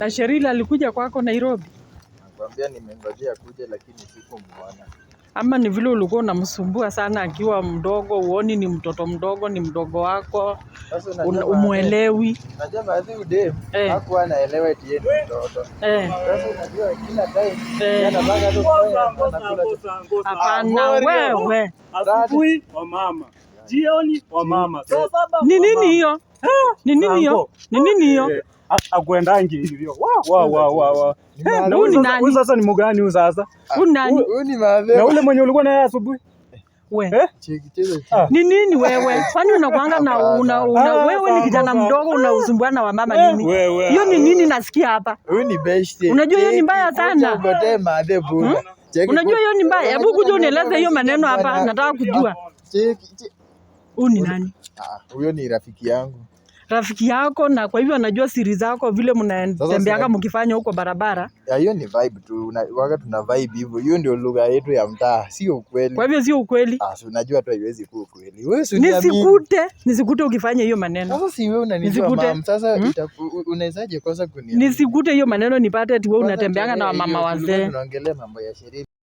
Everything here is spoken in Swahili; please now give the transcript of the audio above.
Na Sherila alikuja kwako Nairobi? Nakwambia nimengojea kuja lakini sikumuona. Ama ni vile ulikuwa unamsumbua sana akiwa mdogo, uoni ni mtoto mdogo, ni mdogo wako umuelewi. Najua baadhi ude eh. hakuwa anaelewa eti yeye ni mtoto. Eh. Sasa unajua kila time anabanga tu kufanya. Hapana wewe. Asubuhi wa mama. Jioni wa mama. Ni nini hiyo? Eh. Ni nini hiyo? Ni nini hiyo? Eh akuendangi hivyo sasa ni mugani huyu sasa ah, na ule mwenye ulikuwa naye asubuhi eh? ah. ni nini wewe? Kwani unakwanga na una, una, ah, wewe ni kijana mdogo unausumbua na wamama nini? Eh, hiyo ni nini nasikia hapa? Unajua hiyo ni mbaya sana. Hmm? Unajua hiyo ni mbaya. Hebu kuja unieleze hiyo maneno hapa, nataka kujua. Huyu ni nani? Huyo ni rafiki yangu rafiki yako na kwa hivyo anajua siri zako vile mnatembeaga mkifanya huko barabara. Hiyo ni vibe tu, waga tuna vibe hivyo. Hiyo ndio lugha yetu ya mtaa, sio ukweli. Kwa hivyo sio ukweli. Ah, si unajua tu haiwezi kuwa ukweli. Wewe si nisikute, nisikute ukifanya hiyo maneno. Sasa si wewe unanijua mama, sasa hmm? unawezaje kwanza kuniambia? Nisikute hiyo maneno nipate ati wewe unatembeanga na mama wazee. Tunaongelea mambo ya sherehe.